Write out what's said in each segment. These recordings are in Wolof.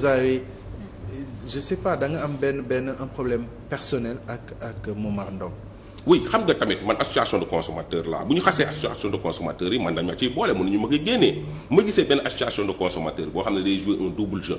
vous avez je sais pas da am benn benn un problème personnel ak ak Momar Ndong oui xam nga tamit man association de consommateur la bu ñu xasee association de consommateur yi man dañ ma ciy boole mënuñu ma koy génnee ma gisee benn association de consommateur boo xam ne day jouer un double jeu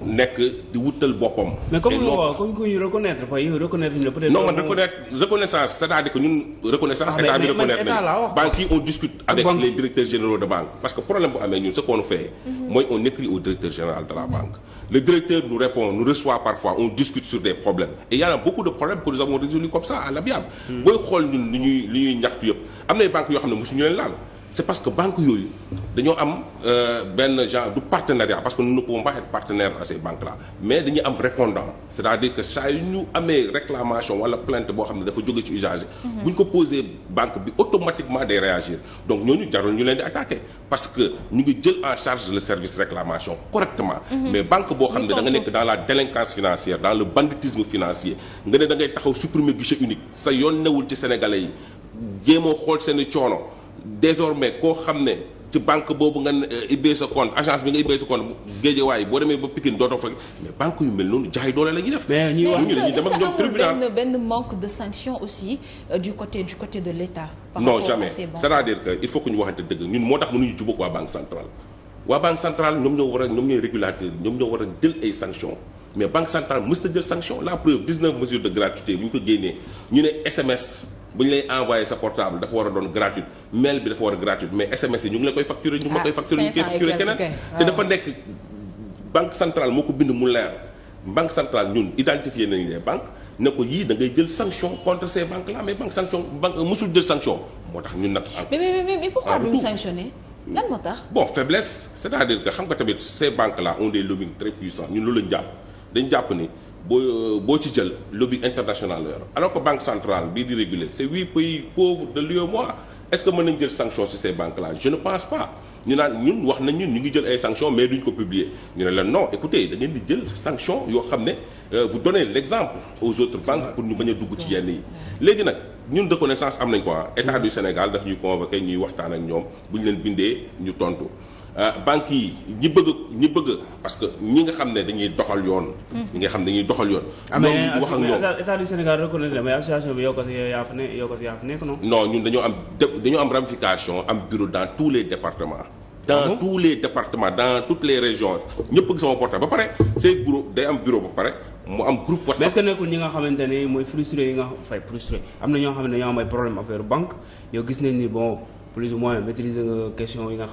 nekk di wutal boppam. mais comme waaw comme ku ñu reconnaître quoi yow reconnaître ñu peut-être. non man reconnaître reconnaissance c'est-à-dire que ñun reconnaissance ah, état bi reconnaître nañu banque yi on discute avec les directeurs généraux de banque. parce que problème bu amee ñun ce qu'on fait. Mhm. mooy on écrit au directeur général de la mhm. banque. le directeur nous répond nous reçoit parfois on discute sur des problèmes et il y en a beaucoup de problèmes que nous avons résolus comme ça à l'amiable. Mhm. booy xool ñun li ñuy li ñuy ñaxtu yëpp am na ay banques yoo xam ne mosuñu leen laal. c'est parce que banque yooyu dañoo am euh, benn genre du partenariat parce que nous ne pouvons pas partenaire à ces banques mais dañuy am répondant c'est-à-dire que saa yu ñu amee réclamation wala plainte boo xam ne dafa jóge ci usager mhm. bu ñu ko posé banque bi automatiquement day réagir donc ñooñu jarul ñu leen di attaquer parce que ñu ngi jël en charge le service réclamation correctement mhm. mais banque boo xam ne danga nekk dans la délinquance financière dans le banditisme nga ne da ngay taxaw supprimer guichet unique sa yoon newul ci sénégalais yi jéemoo xool seen i coono désormais koo xam ne ci banque boobu nga ibbee euh, sa compte agence bi nga ibbee sa compte géejewaay boo demee ba Pikine dootoo fa mais banque yu mel noonu jaay doole la ñuy def. mais ñuy wax ñu ne ñu dem ak ñoom tribunal mais benn manque de sanction dëgg ñun moo tax mënuñu jubóog waa banque centrale. waa banque centrale ñoom ñoo war a ñoom ñooy régulateur ñoom ñoo war a jël ay sanctions. mais banque centrale mës ta jël sanction la preuve 19 mesures de gratuité bu ñu ko génnee ñu ne SMS. bu ñu lay envoyé sa portable dafa war a doon gratuite mail bi dafa war a gratuite mais SMS yi ñu ngi la koy facturé ñu ma koy ah, facturé ñu koy facturé keneen te dafa nekk banque centrale moo ko bind mu leer banque centrale ñun identifié nañu les banques ne ko yii da ngay jël sanction contre ces banques là mais banque sanction banque euh, mosul jël sanction moo tax ñun nag mais mais mais pourquoi duñu sanctionné lan moo tax bon faiblesse c'est-à-dire xam nga tamit ces banques là ont des lobbying très jàpp ni boo boo ci jël lobby international la aloo alors banque centrale bii di régulé c'est huit pays pauvres de l'UEMOA est-ce que mën nañ jël sanction ci ces banques là je ne pense pas ñu naan ñun wax nañ ñun ñu ngi jël ay sanctions mais duñ ko publier ñu ne la non écoutez da ngeen di jël sanction yoo xam ne euh, vous donnez l'exemple aux autres banques pour ñu bañ a dugg ci yenn yi léegi nag ñun de connaissance am nañ ko état du Sénégal daf ñuy convoqué ñuy waxtaan ak ñoom bu ñu leen bindee ñu tontu Euh, banques yi ñi bëgg ñi bëgg parce que ñi nga xam ne dañuy doxal yoon. Hmm. ñi nga xam ne dañuy doxal yoon. ñoom ah, ñu wax ak ñoom état du Sénégal reconnaître la mais association bi yow ko yaa fa ne yow ko yaa noonu. non ñun dañoo am dañoo am bureau dans tous les départements. dans ah tous les départements dans toutes les régions ñëpp sama portable ba pare say groupe day am bureau ba pare mu am groupe WhatsApp. mais est nekkul ñi nga xamante ne mooy frustré yi nga fay frustré am na ñoo xam ne dañoo am problème affaire